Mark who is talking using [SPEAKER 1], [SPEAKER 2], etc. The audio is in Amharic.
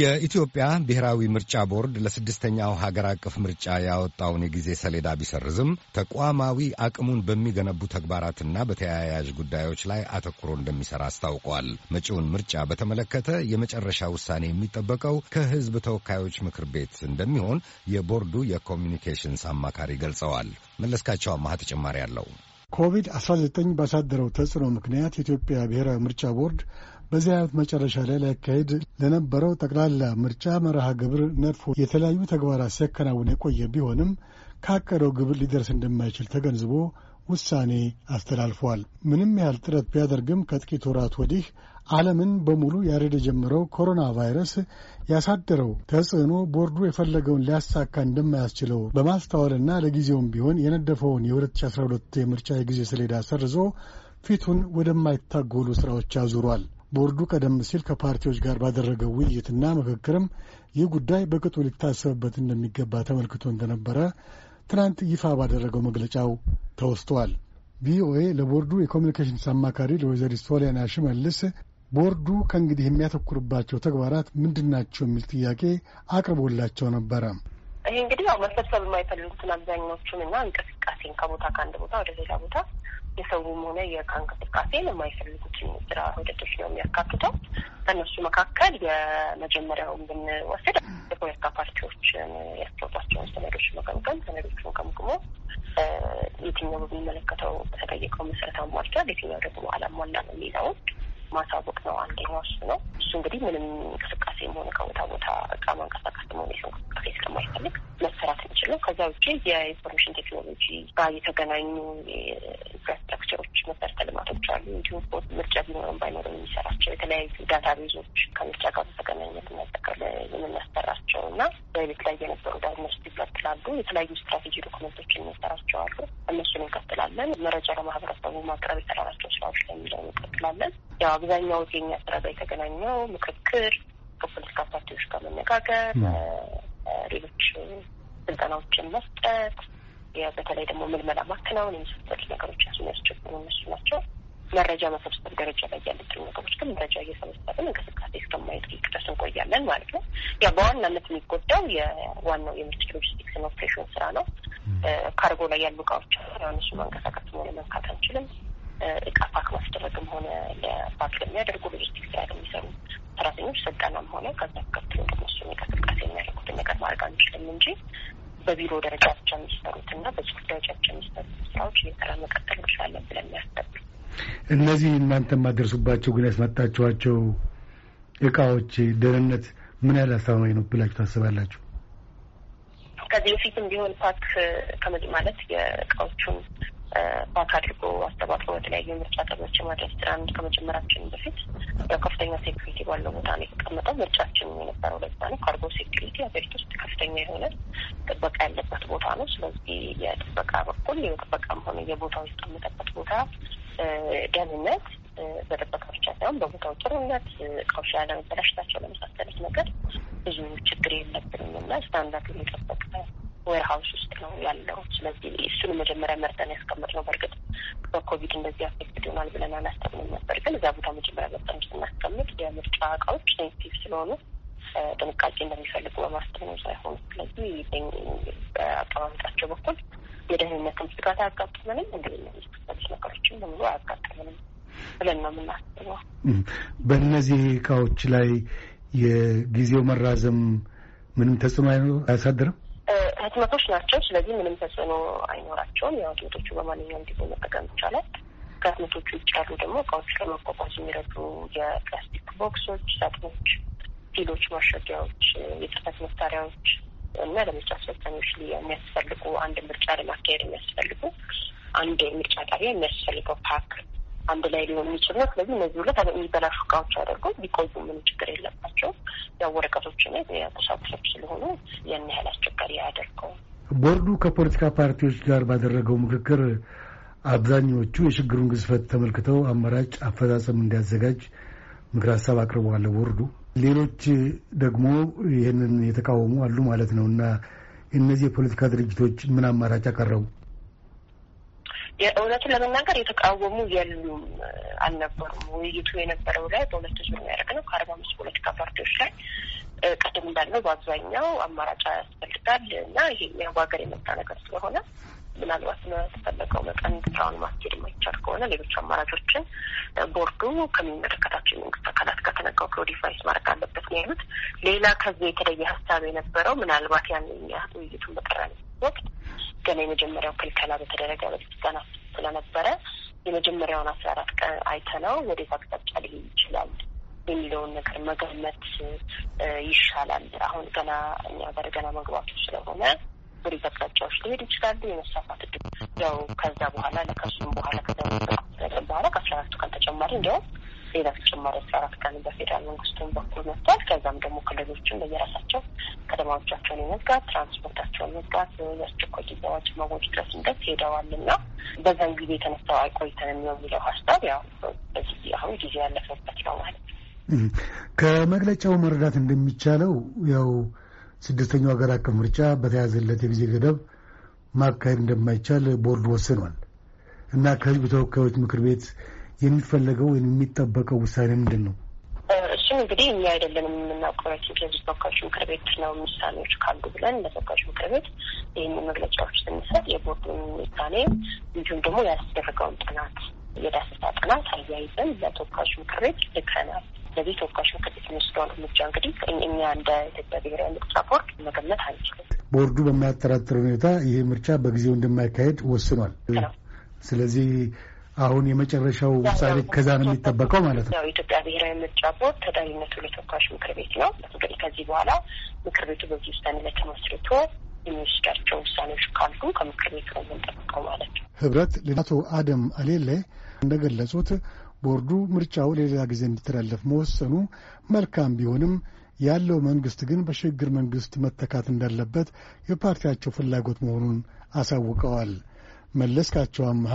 [SPEAKER 1] የኢትዮጵያ ብሔራዊ ምርጫ ቦርድ ለስድስተኛው ሀገር አቀፍ ምርጫ ያወጣውን የጊዜ ሰሌዳ ቢሰርዝም ተቋማዊ አቅሙን በሚገነቡ ተግባራትና በተያያዥ ጉዳዮች ላይ አተኩሮ እንደሚሰራ አስታውቋል። መጪውን ምርጫ በተመለከተ የመጨረሻ ውሳኔ የሚጠበቀው ከሕዝብ ተወካዮች ምክር ቤት እንደሚሆን የቦርዱ የኮሚኒኬሽንስ አማካሪ ገልጸዋል። መለስካቸው አማሃ ተጨማሪ አለው። ኮቪድ-19 ባሳደረው ተጽዕኖ ምክንያት የኢትዮጵያ ብሔራዊ ምርጫ ቦርድ በዚህ ዓመት መጨረሻ ላይ ሊያካሄድ ለነበረው ጠቅላላ ምርጫ መርሃ ግብር ነድፎ የተለያዩ ተግባራት ሲያከናውን የቆየ ቢሆንም ካቀደው ግብር ሊደርስ እንደማይችል ተገንዝቦ ውሳኔ አስተላልፏል። ምንም ያህል ጥረት ቢያደርግም ከጥቂት ወራት ወዲህ ዓለምን በሙሉ ያሬድ የጀመረው ኮሮና ቫይረስ ያሳደረው ተጽዕኖ ቦርዱ የፈለገውን ሊያሳካ እንደማያስችለው በማስተዋልና ለጊዜውም ቢሆን የነደፈውን የ2012 የምርጫ የጊዜ ሰሌዳ ሰርዞ ፊቱን ወደማይታጎሉ ሥራዎች አዙሯል። ቦርዱ ቀደም ሲል ከፓርቲዎች ጋር ባደረገው ውይይትና ምክክርም ይህ ጉዳይ በቅጡ ሊታሰብበት እንደሚገባ ተመልክቶ እንደነበረ ትናንት ይፋ ባደረገው መግለጫው ተወስተዋል። ቪኦኤ ለቦርዱ የኮሚኒኬሽንስ አማካሪ ለወይዘሪ ሶሊያና ሽመልስ ቦርዱ ከእንግዲህ የሚያተኩርባቸው ተግባራት ምንድን ናቸው የሚል ጥያቄ አቅርቦላቸው ነበረ።
[SPEAKER 2] ይህ እንግዲህ ያው መሰብሰብ የማይፈልጉትን አብዛኛዎቹን እና እንቅስቃሴን ከቦታ ከአንድ ቦታ ወደ ሌላ ቦታ የሰውም ሆነ የእቃ እንቅስቃሴን የማይፈልጉትን ስራ ሂደቶች ነው የሚያካትተው። ከእነሱ መካከል የመጀመሪያውን ብንወስድ የፖለቲካ ፓርቲዎችን ያስታወጧቸውን ሰነዶች መገምገም፣ ሰነዶቹን ገምግሞ የትኛው በሚመለከተው በተጠየቀው መሰረት አሟልቷል፣ የትኛው ደግሞ አላሟላ ነው የሚለውን ማሳወቅ ነው። አንደኛው እሱ ነው። እሱ እንግዲህ ምንም እንቅስቃሴ ጊዜም ሆነ ከቦታ ቦታ እቃ ማንቀሳቀስ ሞኔሽን እንቅስቃሴ ስለማይፈልግ መሰራት እንችለው። ከዛ ውጭ የኢንፎርሜሽን ቴክኖሎጂ ጋር የተገናኙ ኢንፍራስትራክቸሮች መሰረተ ልማቶች አሉ። እንዲሁም ምርጫ ቢኖረም ባይኖረም የሚሰራቸው የተለያዩ ዳታ ቤዞች ከምርጫ ጋር በተገናኘ ብናጠቀለ የምናሰራቸው እና በቤት ላይ የነበሩ ዳርነስት ይቀጥላሉ። የተለያዩ ስትራቴጂ ዶክመንቶችን እንሰራቸዋሉ። እነሱን እንቀጥላለን። መረጃ ለማህበረሰቡ ማቅረብ የተላላቸው ስራዎች ላይ የሚለውን እንቀጥላለን። ያው አብዛኛው የኛ ስራ ጋር የተገናኘው ምክክር አቀፍ ፖለቲካ ፓርቲዎች ጋር መነጋገር፣ ሌሎች ስልጠናዎችን መስጠት፣ በተለይ ደግሞ ምልመላ ማከናወን የመሳሰሉት ነገሮች ያሱ ያስቸግሩ እነሱ ናቸው። መረጃ መሰብሰብ ደረጃ ላይ ያሉትን ነገሮች ግን መረጃ እየሰበሰብን እንቅስቃሴ እስከማየት ድረስ እንቆያለን ማለት ነው። ያ በዋናነት የሚጎዳው የዋናው የሚኒስትር ሎጂስቲክስ ኦፕሬሽን ስራ ነው። ካርጎ ላይ ያሉ እቃዎች እሱ ማንቀሳቀስም ሆነ መንካት አንችልም። እቃ ፓክ ማስደረግም ሆነ ለፓክ ለሚያደርጉ ሎጂስቲክስ ስራ ለሚሰሩ ስልጠናም ሆነ ከዛ ከፍትም ደግሞ እሱን እንቅስቃሴ የሚያደርጉትን ነገር ማድረግ አንችልም እንጂ በቢሮ ደረጃ ብቻ የሚሰሩት እና በጽሁፍ ደረጃ ብቻ የሚሰሩት ስራዎች እየሰራ መቀጠል እንችላለን ብለን የሚያስጠብቅ
[SPEAKER 1] እነዚህ እናንተ የማደርሱባቸው ግን ያስመጣችኋቸው እቃዎች ደህንነት ምን ያህል አስተማማኝ ነው ብላችሁ ታስባላችሁ?
[SPEAKER 2] ከዚህ በፊትም ቢሆን ፓክ ከመ ማለት የእቃዎቹን ባክ አድርጎ አስተባብሮ የተለያዩ ምርጫ ቀኖች ወደ ስራን ከመጀመራችን በፊት ከፍተኛ ሴኩሪቲ ባለው ቦታ ነው የተቀመጠው። ምርጫችን የነበረው ለዛ ነው። ካርጎ ሴኩሪቲ ሀገሪቱ ውስጥ ከፍተኛ የሆነ ጥበቃ ያለበት ቦታ ነው። ስለዚህ የጥበቃ በኩል የጥበቃም ሆነ የቦታው የተቀመጠበት ቦታ ደህንነት በጥበቃ ብቻ ሳይሆን በቦታው ጥሩነት እቃዎች ያለመበላሸታቸው ለመሳሰሉት ነገር ብዙ ችግር የለብንም እና ስታንዳርዱን የጠበቀ ዌርሀውስ ያለው። ስለዚህ እሱን መጀመሪያ መርጠን ነው። በእርግጥ በኮቪድ እንደዚህ አፌክትድ ይሆናል ብለን አናስቀምም ነበር፣ ግን እዛ ቦታ መጀመሪያ መርጠን ስናስቀምጥ የምርጫ እቃዎች ሴንሲቲቭ ስለሆኑ ጥንቃቄ እንደሚፈልጉ በማሰብ ነው ሳይሆን፣ ስለዚህ በአቀማመጣቸው በኩል የደህንነትም ስጋት አያጋጥመንም፣ እንግዲህ የሚከሰሉት ነገሮችን በሙሉ አያጋጥመንም ብለን ነው የምናስበው።
[SPEAKER 1] በእነዚህ እቃዎች ላይ የጊዜው መራዘም ምንም ተጽዕኖ አያሳድርም።
[SPEAKER 2] ህትመቶች ናቸው። ስለዚህ ምንም ተጽዕኖ አይኖራቸውም። ያው ህትመቶቹ በማንኛውም ጊዜ መጠቀም ይቻላል። ከህትመቶቹ ውጭ ያሉ ደግሞ እቃዎች ለመጓጓዝ የሚረዱ የፕላስቲክ ቦክሶች፣ ሳጥኖች፣ ፊሎች፣ ማሸጊያዎች፣ የጽህፈት መሳሪያዎች እና ለምርጫ አስፈጻሚዎች የሚያስፈልጉ አንድ ምርጫ ለማካሄድ የሚያስፈልጉ አንድ ምርጫ ጣቢያ የሚያስፈልገው ፓክ አንድ ላይ ሊሆን የሚችል ነው። ስለዚህ እነዚህ ሁለት የሚበላሹ እቃዎች አድርገው ቢቆዩ ምን ችግር የለባቸው። ያው ወረቀቶችና የቁሳቁሶች ስለሆኑ ያን ያህል አስቸጋሪ አያደርገውም።
[SPEAKER 1] ቦርዱ ከፖለቲካ ፓርቲዎች ጋር ባደረገው ምክክር አብዛኛዎቹ የችግሩን ግዝፈት ተመልክተው አማራጭ አፈጻጸም እንዲያዘጋጅ ምክር ሀሳብ አቅርበዋል። ቦርዱ ሌሎች ደግሞ ይህንን የተቃወሙ አሉ ማለት ነው እና እነዚህ የፖለቲካ ድርጅቶች ምን
[SPEAKER 2] አማራጭ አቀረቡ? የእውነቱን ለመናገር የተቃወሙ የሉም አልነበሩም። ውይይቱ የነበረው ላይ በሁለት ዙር የሚያደርግ ነው። ከአርባ አምስት ፖለቲካ ፓርቲዎች ላይ ቅድም እንዳልነው በአብዛኛው አማራጭ ያስፈልጋል እና ይሄኛው በሀገር የመጣ ነገር ስለሆነ ምናልባት በተፈለገው መጠን ስራውን ማስኬድ የማይቻል ከሆነ ሌሎች አማራጮችን ቦርዱ ከሚመለከታቸው የመንግስት አካላት ጋር ተነጋግሮ ዲቫይስ ማድረግ አለበት ነው ያሉት። ሌላ ከዚህ የተለየ ሀሳብ የነበረው ምናልባት ያንኛ ውይይቱን በጠራ ወቅት ገና የመጀመሪያው ክልከላ በተደረገ በፊት ቀናት ስለነበረ የመጀመሪያውን አስራ አራት ቀን አይተነው ወዴት አቅጣጫ ሊሄድ ይችላል የሚለውን ነገር መገመት ይሻላል። አሁን ገና እኛ ሀገር ገና መግባቱ ስለሆነ ወዴት አቅጣጫዎች ሊሄድ ይችላሉ የመሳፋት እድል ያው ከዛ በኋላ ለከሱም በኋላ ከዛም በኋላ ከአስራ አራቱ ቀን ተጨማሪ እንዲያውም ሌላ ተጨማሪ አስራ አራት ቀን በፌዴራል መንግስቱን በኩል መጥቷል። ከዛም ደግሞ ክልሎችን በየራሳቸው ከተማዎቻቸውን የመዝጋት ትራንስፖርታቸውን መዝጋት የአስቸኳይ ጊዜ አዋጅ ማወጅ ድረስ እንደት ሄደዋል እና በዛን ጊዜ የተነሳው አይቆይተን ነው የሚለው ሀሳብ ያው በዚህ አሁን ጊዜ ያለፈበት ነው ማለት
[SPEAKER 1] ነው። ከመግለጫው መረዳት እንደሚቻለው ያው ስድስተኛው ሀገር አቀፍ ምርጫ በተያዘለት የጊዜ ገደብ ማካሄድ እንደማይቻል ቦርድ ወስኗል እና ከህዝብ ተወካዮች ምክር ቤት የሚፈለገው ወይም የሚጠበቀው ውሳኔ ምንድን ነው?
[SPEAKER 2] ውሳኔዎችን እንግዲህ እኛ አይደለንም የምናውቀባቸው የሕዝብ ተወካዮች ምክር ቤት ነው ውሳኔዎች ካሉ ብለን ለተወካዮች ምክር ቤት ይህን መግለጫዎች ስንሰጥ የቦርዱን ውሳኔ እንዲሁም ደግሞ ያስደረገውን ጥናት የዳሰሳ ጥናት አያይዘን ለተወካዮች ምክር ቤት ልከናል። ስለዚህ ተወካዮች ምክር ቤት የሚወስደውን እርምጃ እንግዲህ እኛ እንደ ኢትዮጵያ ብሔራዊ ምርጫ ቦርድ መገመት አንችልም።
[SPEAKER 1] ቦርዱ በማያጠራጥር ሁኔታ ይህ ምርጫ በጊዜው እንደማይካሄድ ወስኗል። ስለዚህ አሁን የመጨረሻው ውሳኔ ከዛ ነው የሚጠበቀው ማለት ነው።
[SPEAKER 2] የኢትዮጵያ ብሔራዊ ምርጫ ቦርድ ተጠሪነቱ ለተወካዮች ምክር ቤት ነው። እንግዲህ ከዚህ በኋላ ምክር ቤቱ በዚህ ውሳኔ ላይ ተመስርቶ የሚወስዳቸው ውሳኔዎች ካሉ ከምክር ቤቱ ነው የምንጠብቀው
[SPEAKER 1] ማለት ነው። ህብረት ለአቶ አደም አሌሌ እንደገለጹት ቦርዱ ምርጫው ለሌላ ጊዜ እንዲተላለፍ መወሰኑ መልካም ቢሆንም ያለው መንግስት ግን በሽግግር መንግስት መተካት እንዳለበት የፓርቲያቸው ፍላጎት መሆኑን አሳውቀዋል። መለስካቸው አምሃ